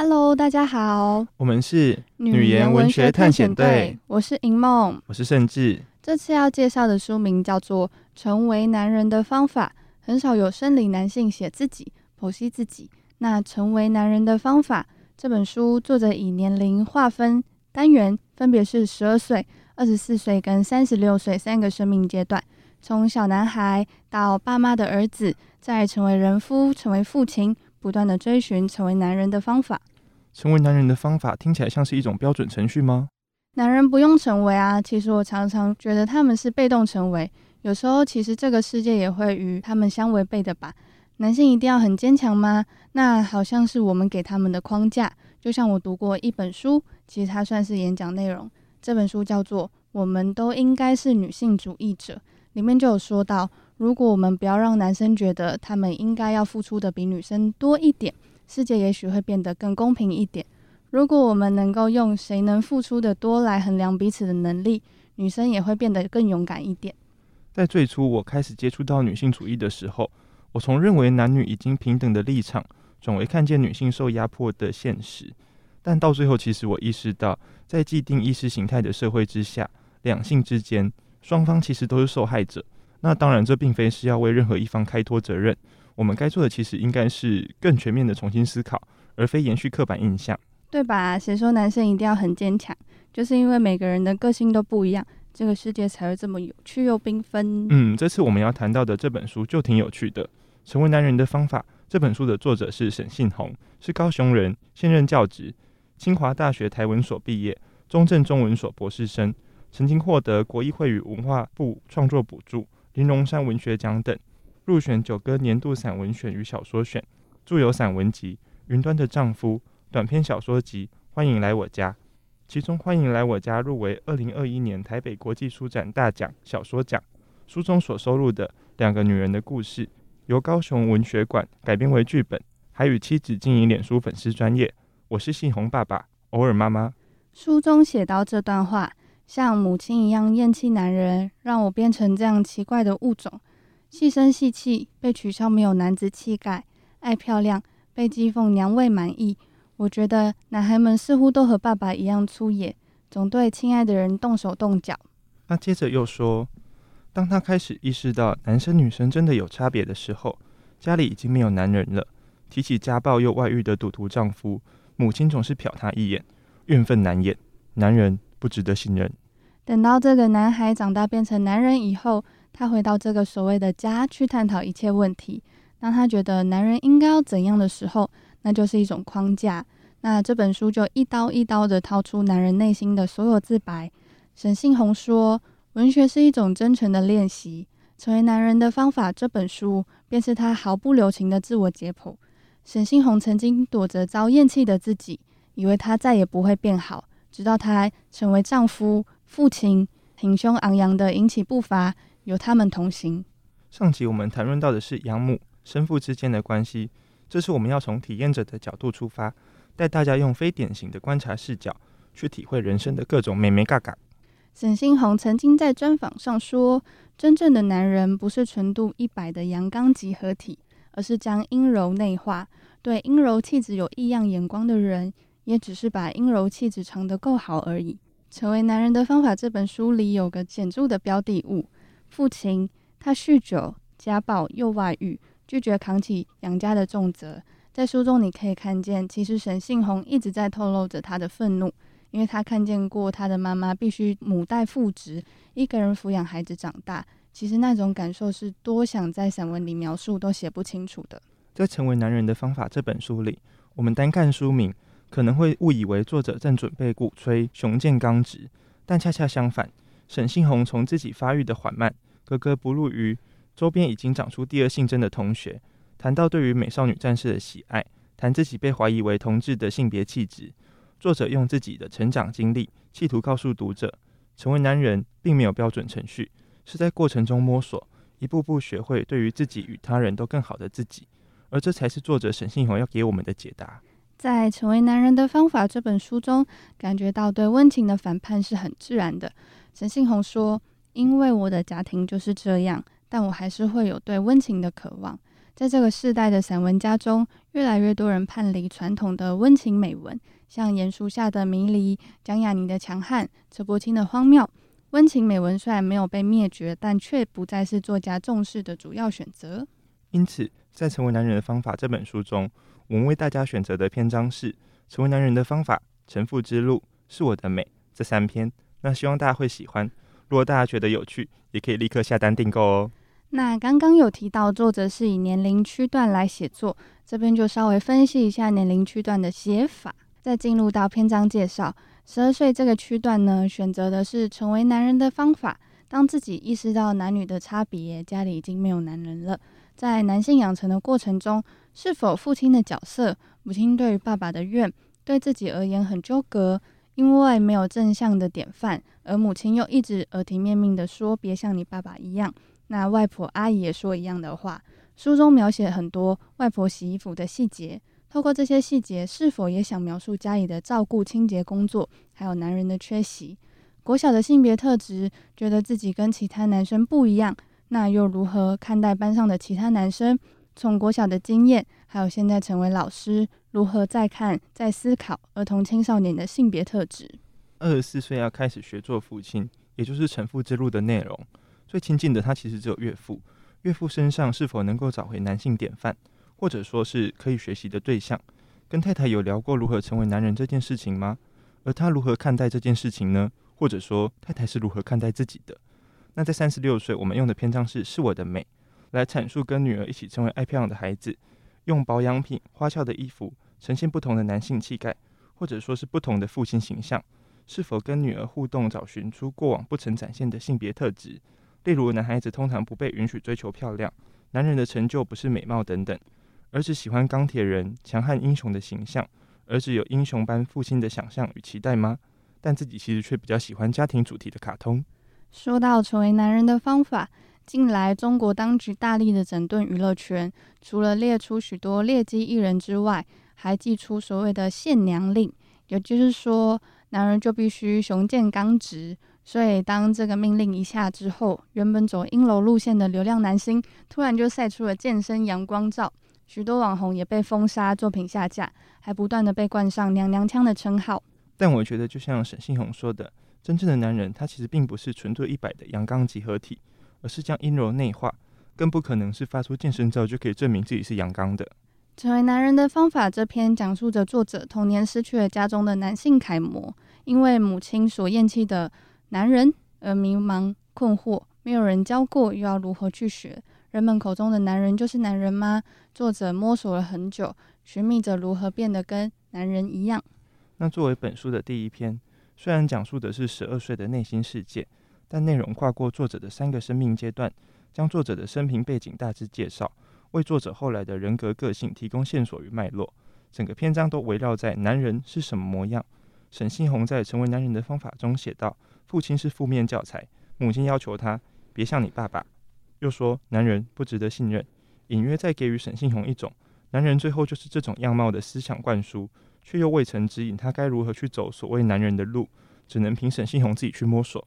Hello，大家好，我們是女研文學探險隊。探險隊，我是銀夢，我是盛志。這次要介紹的書名叫做《成為男人的方法》。很少有生理男性寫自己，剖析自己。那《成為男人的方法》這本書，作者以年齡劃分單元，分別是十二歲、二十四歲跟三十六歲三個生命階段，從小男孩到爸媽的兒子，再成為人夫，成為父親。不斷地追尋成為男人的方法，成為男人的方法聽起來像是一種標準程序嗎？男人不用成為啊，其實我常常覺得他們是被動成為，有時候其實這個世界也會與他們相違背的吧。男性一定要很堅強嗎？那好像是我們給他們的框架。就像我讀過一本書，其實它算是演講內容，這本書叫做《我們都應該是女性主義者》，裡面就有說到。如果我們不要讓男生覺得他們應該要付出的比女生多一點，世界也許會變得更公平一點。如果我們能夠用誰能付出的多來衡量彼此的能力，女生也會變得更勇敢一點。在最初我開始接觸到女性主義的時候，我從認為男女已經平等的立場，轉為看見女性受壓迫的現實。但到最後，其實我意識到，在既定意識形態的社會之下，兩性之間雙方其實都是受害者。那當然，這並非是要為任何一方開脫責任。我們該做的其實應該是更全面的重新思考，而非延續刻板印象。對吧？誰說男生一定要很堅強？就是因為每個人的個性都不一樣，這個世界才會這麼有趣又繽紛。嗯，這次我們要談到的這本書就挺有趣的，《成為男人的方法》這本書的作者是沈信宏，是高雄人，現任教職，清華大學台文所畢業，中正中文所博士生，曾經獲得國藝會與文化部創作補助。林榮三文學獎等入選《九歌年度散文選》與《小說選》，著有散文集《雲端的丈夫》、短篇小說集《歡迎來我家》，其中《歡迎來我家》入圍二零二一年台北國際書展大獎小說獎。書中所收錄的《兩個女人的故事》由高雄文學館改編為劇本，還與妻子經營臉書粉絲專頁。我是信宏爸爸，偶爾媽媽。書中寫到這段話。像母親一樣厭棄男人，讓我變成這樣奇怪的物種，細聲細氣被取笑沒有男子氣概，愛漂亮被譏諷娘味滿溢。我覺得男孩們似乎都和爸爸一樣粗野，總對親愛的人動手動腳。他接着又說：“當他開始意識到男生女生真的有差別的時候，家裡已經沒有男人了。提起家暴又外遇的賭徒丈夫，母親總是瞟他一眼，怨憤難掩。男人不值得信任。”等到這個男孩長大變成男人以後，他回到這個所謂的家去探討一切問題，當他覺得男人應該要怎樣的時候，那就是一種框架。那這本書就一刀一刀的掏出男人內心的所有自白。沈信宏說：“文學是一種真誠的練習，成為男人的方法。”這本書便是他毫不留情的自我解剖。沈信宏曾經躲着遭厭棄的自己，以為他再也不會變好，直到他成為丈夫。父親挺胸昂揚地，引起步伐，由他們同行。上集我們談論到的是養母、生父之間的關係，這次我們要從體驗者的角度出發，帶大家用非典型的觀察視角去體會人生的各種眉眉角角。沈信宏曾經在專訪上說：“真正的男人不是純度一百的陽剛集合體，而是將陰柔內化。對陰柔氣質有異樣眼光的人，也只是把陰柔氣質藏得夠好而已。”《成為男人的方法》這本書裡有個顯著的標的物——父親，他酗酒、家暴又外遇，拒絕扛起養家的重責。在書中，你可以看見，其實沈信宏一直在透露着他的憤怒，因為他看見過他的媽媽必須母帶父職，一個人撫養孩子長大。其實那種感受是多想在散文裡描述都寫不清楚的。在《成為男人的方法》這本書裡，我們單看書名。可能會誤以為作者正準備鼓吹雄健剛直，但恰恰相反，沈信宏從自己發育的緩慢、格格不入於周邊已經長出第二性徵的同學，談到對於美少女戰士的喜愛，談自己被懷疑為同志的性別氣質。作者用自己的成長經歷，企圖告訴讀者：成為男人並沒有標準程序，是在過程中摸索，一步步學會對於自己與他人都更好的自己。而這才是作者沈信宏要給我們的解答。在《成為男人的方法》這本書中，感覺到對溫情的反叛是很自然的。沈信宏說：“因為我的家庭就是這樣，但我還是會有對溫情的渴望。”在這個世代的散文家中，越來越多人叛離傳統的溫情美文，像言叔夏的迷離、蔣亞妮的強悍、陳柏青的荒謬。溫情美文雖然沒有被滅絕，但卻不再是作家重視的主要選擇。因此，在《成為男人的方法》這本書中。我們為大家選擇的篇章是《成為男人的方法》《成父之路》《是我的美》這三篇，那希望大家會喜歡。如果大家覺得有趣，也可以立刻下單訂購哦。那剛剛有提到，作者是以年齡區段來寫作，這邊就稍微分析一下年齡區段的寫法，再進入到篇章介紹。十二歲這個區段呢，選擇的是《成為男人的方法》。當自己意識到男女的差別，家裡已經沒有男人了，在男性養成的過程中。是否父親的角色？母親對於爸爸的怨，對自己而言很糾葛，因為沒有正向的典範，而母親又一直耳提面命地說別像你爸爸一樣。那外婆、阿姨也說一樣的話。書中描寫很多外婆洗衣服的細節，透過這些細節，是否也想描述家裡的照顧、清潔工作，還有男人的缺席？國小的性別特質，覺得自己跟其他男生不一樣，那又如何看待班上的其他男生？從國小的經驗，還有現在成為老師，如何再看、再思考兒童青少年的性別特質。二十四歲要開始學做父親，也就是成父之路的內容。最親近的他其實只有岳父，岳父身上是否能夠找回男性典範，或者說是可以學習的對象？跟太太有聊過如何成為男人這件事情嗎？而他如何看待這件事情呢？或者說太太是如何看待自己的？那在三十六歲，我們用的篇章是“是我的美”。來闡述跟女兒一起成為愛漂亮的孩子，用保養品、花俏的衣服，呈現不同的男性氣概，或者說是不同的父親形象，是否跟女兒互動，找尋出過往不曾展現的性別特質？例如，男孩子通常不被允許追求漂亮，男人的成就不是美貌等等，兒子喜歡鋼鐵人、強悍英雄的形象，兒子有英雄般父親的想象與期待嗎？但自己其實卻比較喜歡家庭主題的卡通。說到成為男人的方法。近來，中國當局大力的整頓娛樂圈，除了列出許多劣迹藝人之外，還祭出所謂的“限娘令”，也就是說，男人就必須雄健剛直。所以，當這個命令一下之後，原本走陰柔路線的流量男星，突然就曬出了健身陽光照，許多網紅也被封殺，作品下架，還不斷的被冠上“娘娘腔”的稱號。但我覺得，就像沈信宏說的，真正的男人，他其實並不是純粹一百的陽剛集合體。而是將陰柔內化，更不可能是發出健身照就可以證明自己是陽剛的。成為男人的方法這篇講述着作者童年失去了家中的男性楷模，因為母親所厭棄的男人而迷茫困惑，沒有人教過，又要如何去學？人們口中的男人就是男人嗎？作者摸索了很久，尋覓着如何變得跟男人一樣。那作為本書的第一篇，雖然講述的是十二歲的內心世界。但內容跨過作者的三個生命階段，將作者的生平背景大致介紹，為作者後來的人格個性提供線索與脈絡。整個篇章都圍繞在男人是什麼模樣。沈信宏在《成為男人的方法》中寫道：“父親是負面教材，母親要求他別像你爸爸，又說男人不值得信任，隱約在給予沈信宏一種男人最後就是這種樣貌的思想灌輸，卻又未曾指引他該如何去走所謂男人的路，只能憑沈信宏自己去摸索。”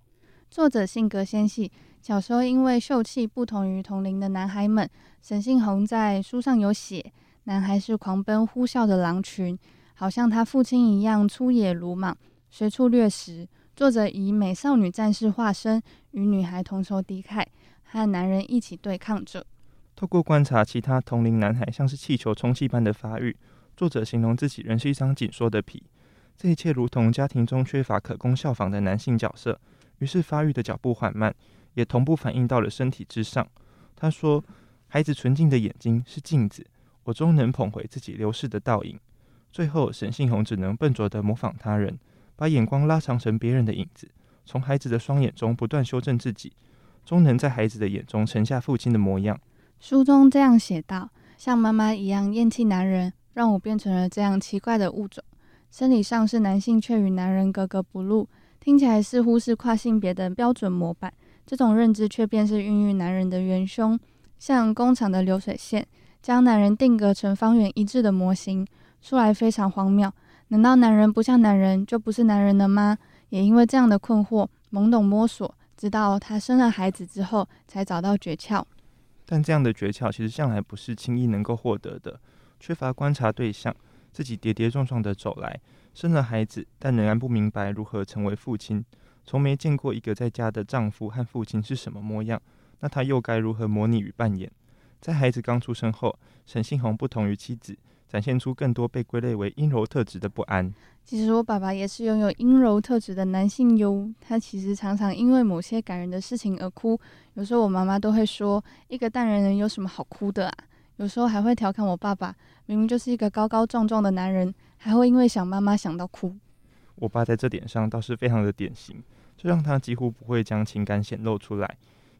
作者性格纖細，小時候因為秀氣，不同於同齡的男孩們。沈信宏在書上有寫，男孩是狂奔呼嘯的狼群，好像他父親一樣粗野魯莽，隨處掠食。作者以美少女戰士化身，與女孩同仇敵愾，和男人一起對抗着。透過觀察其他同齡男孩像是氣球充氣般的發育，作者形容自己仍是一張緊縮的皮。這一切如同家庭中缺乏可供效仿的男性角色。於是發育的腳步緩慢，也同步反映到了身體之上。他說：“孩子純淨的眼睛是鏡子，我終能捧回自己流逝的倒影。”最後，沈信宏只能笨拙地模仿他人，把眼光拉長成別人的影子，從孩子的雙眼中不斷修正自己，終能在孩子的眼中呈現父親的模樣。書中這樣寫道：“像媽媽一樣厭棄男人，讓我變成了這樣奇怪的物種。生理上是男性，卻與男人格格不入。”聽起來似乎是跨性別的標準模板，這種認知卻便是孕育男人的元凶，像工廠的流水線，將男人定格成方圓一致的模型，說來非常荒謬。難道男人不像男人，就不是男人了嗎？也因為這樣的困惑，懵懂摸索，直到他生了孩子之後，才找到訣竅。但這樣的訣竅其實向來不是輕易能夠獲得的，缺乏觀察對象，自己跌跌撞撞地走來。生了孩子，但仍然不明白如何成為父親。從沒見過一個在家的丈夫和父親是什麼模樣，那他又該如何模擬與扮演？在孩子剛出生後，沈信宏不同於妻子，展現出更多被歸類為陰柔特質的不安。其實我爸爸也是擁有陰柔特質的男性喲，他其實常常因為某些感人的事情而哭。有時候我媽媽都會說，一個淡人人有什麼好哭的啊？有時候還會調侃我爸爸，明明就是一個高高壯壯的男人。還會因為想媽媽想到哭。我爸在這點上倒是非常的典型，這讓他幾乎不會將情感顯露出來。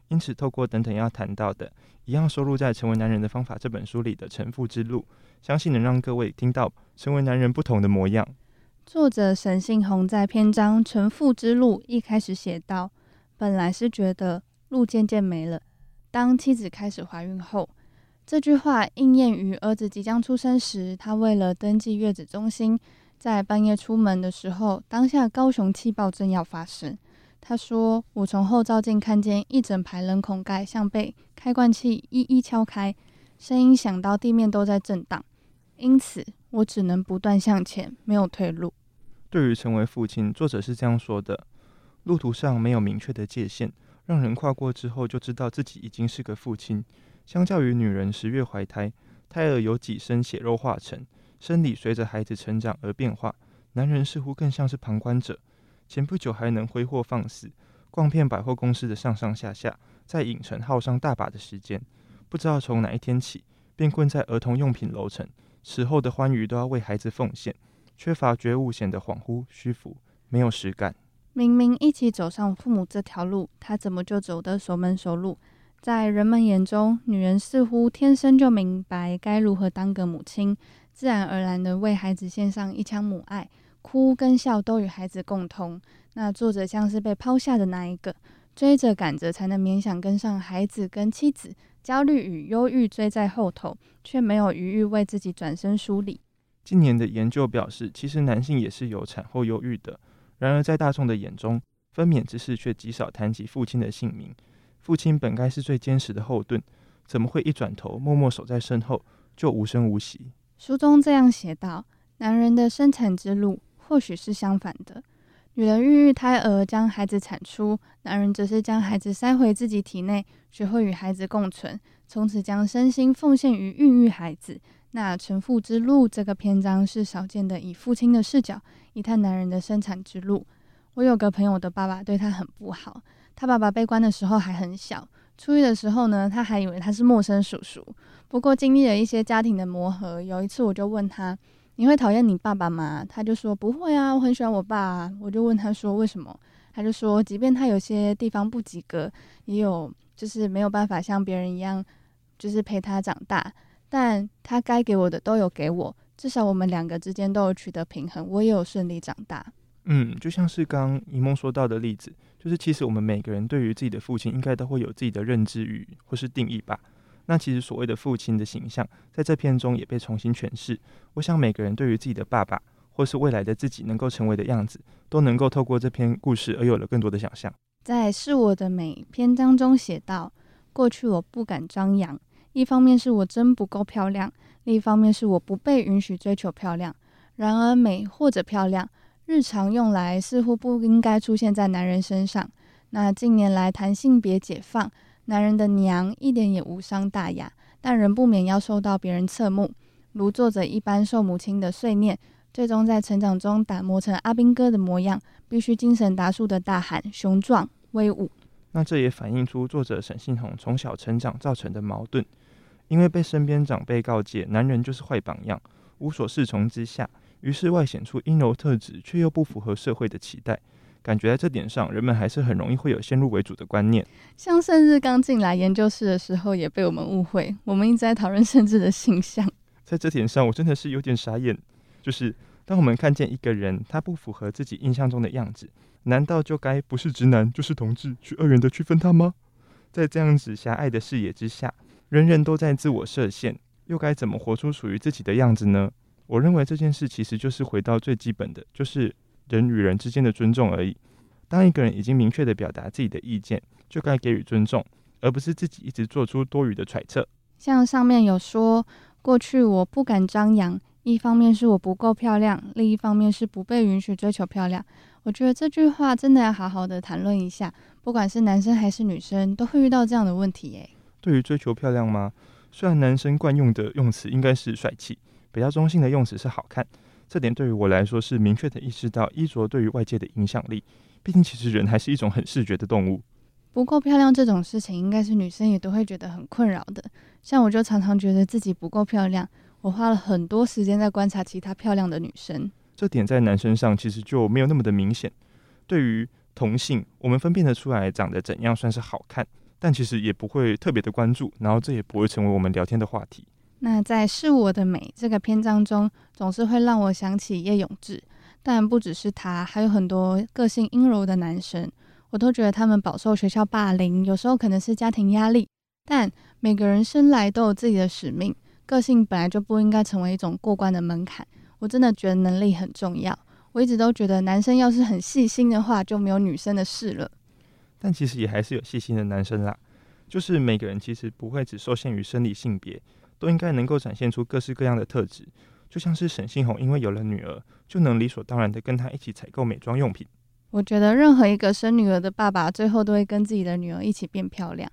因此，透過等等要談到的一樣收錄在《成為男人的方法》這本書裡的“成父之路”，相信能讓各位聽到成為男人不同的模樣。作者沈信宏在篇章“成父之路”一開始寫道：“本來是覺得路漸漸沒了，當妻子開始懷孕後。”這句話應驗於兒子即將出生時，他為了登記月子中心，在半夜出門的時候，當下高雄氣爆正要發生。他說：“我從後照鏡看見一整排人孔蓋像被開罐器一一敲開，聲音響到地面都在震盪，因此我只能不斷向前，沒有退路。”對於成為父親，作者是這樣說的：“路途上沒有明確的界限，讓人跨過之後就知道自己已經是個父親。”相較於女人十月懷胎，胎兒由己身血肉化成，生理隨着孩子成長而變化。男人似乎更像是旁觀者。前不久還能揮霍放肆，逛遍百貨公司的上上下下，在影城耗上大把的時間。不知道從哪一天起，便困在兒童用品樓層，此後的歡愉都要為孩子奉獻，缺乏覺悟，顯得恍惚虛浮，沒有實感。明明一起走上父母這條路，他怎麼就走得熟門熟路？在人們眼中，女人似乎天生就明白該如何當個母親，自然而然地為孩子獻上一腔母愛，哭跟笑都與孩子共通。那作者像是被拋下的那一個，追着趕着才能勉強跟上孩子跟妻子，焦慮與憂鬱追在後頭，卻沒有餘裕為自己轉身梳理。近年的研究表示，其實男性也是有產後憂鬱的，然而在大眾的眼中，分娩之事卻極少談及父親的姓名。父親本該是最堅實的後盾，怎麼會一轉頭默默守在身後，就無聲無息？書中這樣寫道：“男人的生產之路或許是相反的，女人孕育胎兒，將孩子產出；男人則是將孩子塞回自己體內，學會與孩子共存，從此將身心奉獻於孕育孩子。”那成父之路這個篇章，是少見的，以父親的視角一探男人的生產之路。我有個朋友的爸爸對他很不好。他爸爸被關的時候還很小，出獄的時候呢，他還以為他是陌生叔叔。不過經歷了一些家庭的磨合，有一次我就問他：“你會討厭你爸爸嗎？”他就說：“不會啊，我很喜歡我爸啊。”我就問他說：“為什麼？”他就說：“即便他有些地方不及格，也有就是沒有辦法像別人一樣，就是陪他長大，但他該給我的都有給我，至少我們兩個之間都有取得平衡，我也有順利長大。”嗯，就像是剛剛一夢說到的例子。就是其實我們每個人對於自己的父親，應該都會有自己的認知與或是定義吧。那其實所謂的父親的形象，在這篇中也被重新詮釋。我想每個人對於自己的爸爸，或是未來的自己能夠成為的樣子，都能夠透過這篇故事而有了更多的想象。在《是我的美》篇章中寫道：過去我不敢張揚，一方面是我真不夠漂亮，另一方面是我不被允許追求漂亮。然而美或者漂亮，日常用來似乎不應該出現在男人身上。那近年來談性別解放，男人的娘一點也無傷大雅，但仍不免要受到別人側目。如作者一般受母親的碎念，最終在成長中打磨成阿兵哥的模樣，必須精神抖擻地大喊雄壯威武。那這也反映出作者沈信宏從小成長造成的矛盾，因為被身邊長輩告誡，男人就是壞榜樣，無所適從之下。於是外顯出陰柔特質，卻又不符合社會的期待，感覺在這點上，人們還是很容易會有先入為主的觀念。像甚至剛進來研究室的時候，也被我們誤會。我們一直在討論甚至的形象。在這點上，我真的是有點傻眼。就是當我們看見一個人，他不符合自己印象中的樣子，難道就該不是直男，就是同志？去二元的區分他嗎？在這樣子狹隘的視野之下，人人都在自我設限，又該怎麼活出屬於自己的樣子呢？我認為這件事其實就是回到最基本的，就是人與人之間的尊重而已。當一個人已經明確地表達自己的意見，就該給予尊重，而不是自己一直做出多餘的揣測。像上面有說，過去我不敢張揚，一方面是我不夠漂亮，另一方面是不被允許追求漂亮。我覺得這句話真的要好好地談論一下，不管是男生還是女生，都會遇到這樣的問題耶。對於追求漂亮嗎？雖然男生慣用的用詞應該是帥氣。比較中性的用詞是“好看”，這點對於我來說是明確的意識到衣着對於外界的影響力。畢竟，其實人還是一種很視覺的動物。不夠漂亮這種事情，應該是女生也都會覺得很困擾的。像我就常常覺得自己不夠漂亮，我花了很多時間在觀察其他漂亮的女生。這點在男生上其實就沒有那麼的明顯。對於同性，我們分辨得出來長得怎樣算是好看，但其實也不會特別的關注，然後這也不會成為我們聊天的話題。那在“是我的美”這個篇章中，總是會讓我想起葉永鋕，但不只是他，還有很多個性陰柔的男生，我都覺得他們飽受學校霸凌，有時候可能是家庭壓力。但每個人生來都有自己的使命，個性本來就不應該成為一種過關的門檻。我真的覺得能力很重要，我一直都覺得男生要是很細心的話，就沒有女生的事了。但其實也還是有細心的男生啦，就是每個人其實不會只受限於生理性別，都應該能夠展現出各式各樣的特質，就像是沈信宏，因為有了女兒，就能理所當然地跟她一起採購美妝用品。我覺得任何一個生女兒的爸爸，最後都會跟自己的女兒一起變漂亮。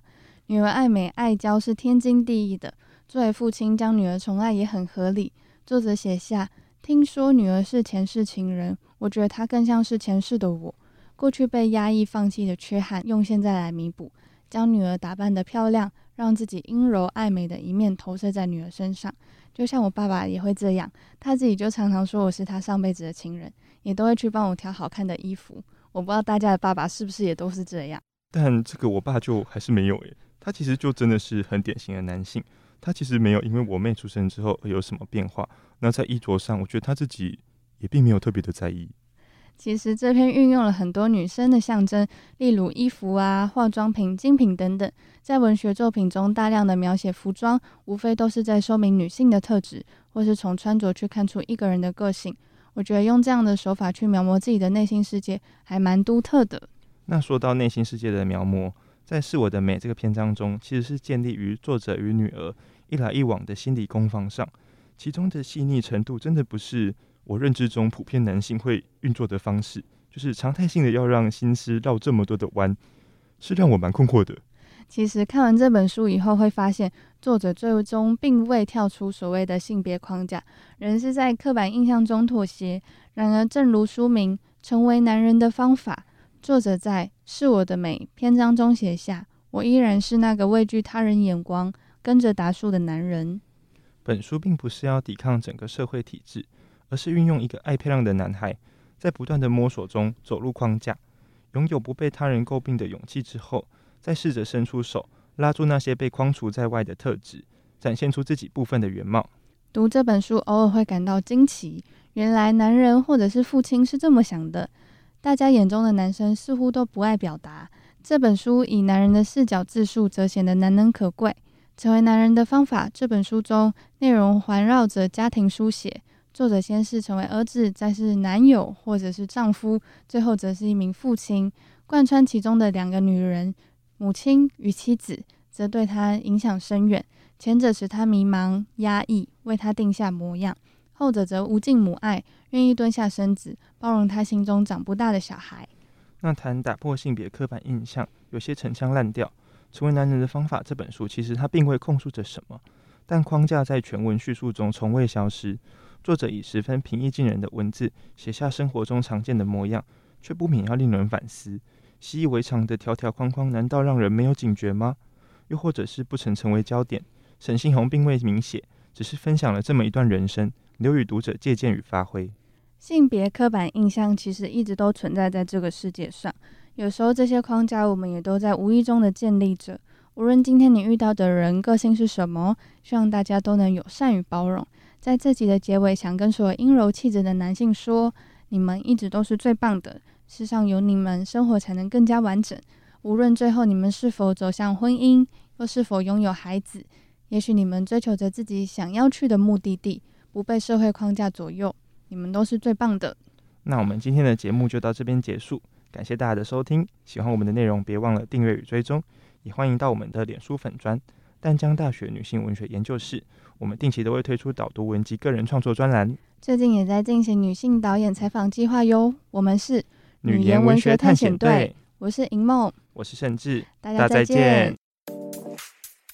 女兒愛美愛嬌是天經地義的，作為父親將女兒寵愛也很合理。作者寫下，聽說女兒是前世情人，我覺得她更像是前世的我，過去被壓抑放棄的缺憾，用現在來彌補，將女兒打扮得漂亮。讓自己陰柔愛美的一面投射在女兒身上，就像我爸爸也會這樣，他自己就常常說我是他上輩子的情人，也都會去幫我挑好看的衣服。我不知道大家的爸爸是不是也都是這樣，但這個我爸就還是沒有誒、欸，他其實就真的是很典型的男性，他其實沒有因為我妹出生之後而有什麼變化。那在衣着上，我覺得他自己也並沒有特別的在意。其實這篇運用了很多女生的象徵，例如衣服啊、化妝品、精品等等。在文學作品中，大量的描寫服裝，無非都是在說明女性的特質，或是從穿着去看出一個人的個性。我覺得用這樣的手法去描摹自己的內心世界，還蠻獨特的。那說到內心世界的描摹，在《是我的美》這個篇章中，其實是建立於作者與女兒一來一往的心理攻防上，其中的細膩程度，真的不是。我認知中普遍男性會運作的方式，就是常態性的要讓心思繞這麼多的彎，是讓我蠻困惑的。其實看完這本書以後，會發現作者最終並未跳出所謂的性別框架，仍是在刻板印象中妥協。然而，正如書名《成為男人的方法》，作者在“是我的美”篇章中寫下：“我依然是那個畏懼他人眼光、跟着達叔的男人。”本書並不是要抵抗整個社會體制。而是運用一個愛漂亮的男孩，在不斷的摸索中走入框架，擁有不被他人詬病的勇氣之後，再試着伸出手拉住那些被框除在外的特質，展現出自己部分的原貌。讀這本書偶爾會感到驚奇，原來男人或者是父親是這麼想的。大家眼中的男生似乎都不愛表達。這本書以男人的視角自述，則顯得難能可貴。成為男人的方法，這本書中內容環繞着家庭書寫。作者先是成為兒子，再是男友或者是丈夫，最後則是一名父親。貫穿其中的兩個女人，母親與妻子，則對他影響深遠。前者使他迷茫、壓抑，為他定下模樣；後者則無盡母愛，願意蹲下身子，包容他心中長不大的小孩。那談打破性別刻板印象，有些陳腔濫調。《成為男人的方法》這本書，其實他並未控訴着什麼，但框架在全文敘述中從未消失。作者以十分平易近人的文字寫下生活中常見的模樣，卻不免要令人反思：習以為常的條條框框，難道讓人沒有警覺嗎？又或者是不曾成為焦點？沈信宏并未明寫，只是分享了這麼一段人生，留予讀者借鑑與发揮。性別刻板印象其實一直都存在在這個世界上，有時候這些框架我們也都在無意中的建立着。無論今天你遇到的人個性是什麼，希望大家都能友善與包容。在這集的結尾，想跟所有陰柔氣質的男性說，你們一直都是最棒的。世上有你們，生活才能更加完整。無論最後你們是否走向婚姻，又是否擁有孩子，也許你們追求着自己想要去的目的地，不被社會框架左右，你們都是最棒的。那我們今天的節目就到這邊結束，感謝大家的收聽。喜歡我們的內容，別忘了訂閱與追蹤，也歡迎到我們的臉書粉專。淡江大學女性文學研究室，我們定期都會推出導讀文集、個人創作專欄，最近也在進行女性導演採訪計劃喲。我們是女研文學探險隊，險隊我是銀夢，我是盛智，大家再見。大家再見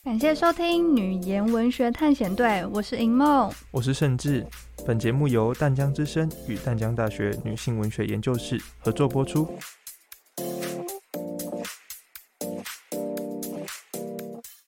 感謝收聽女研文學探險隊，我是銀夢，我是盛智。本節目由淡江之聲與淡江大學女性文學研究室合作播出。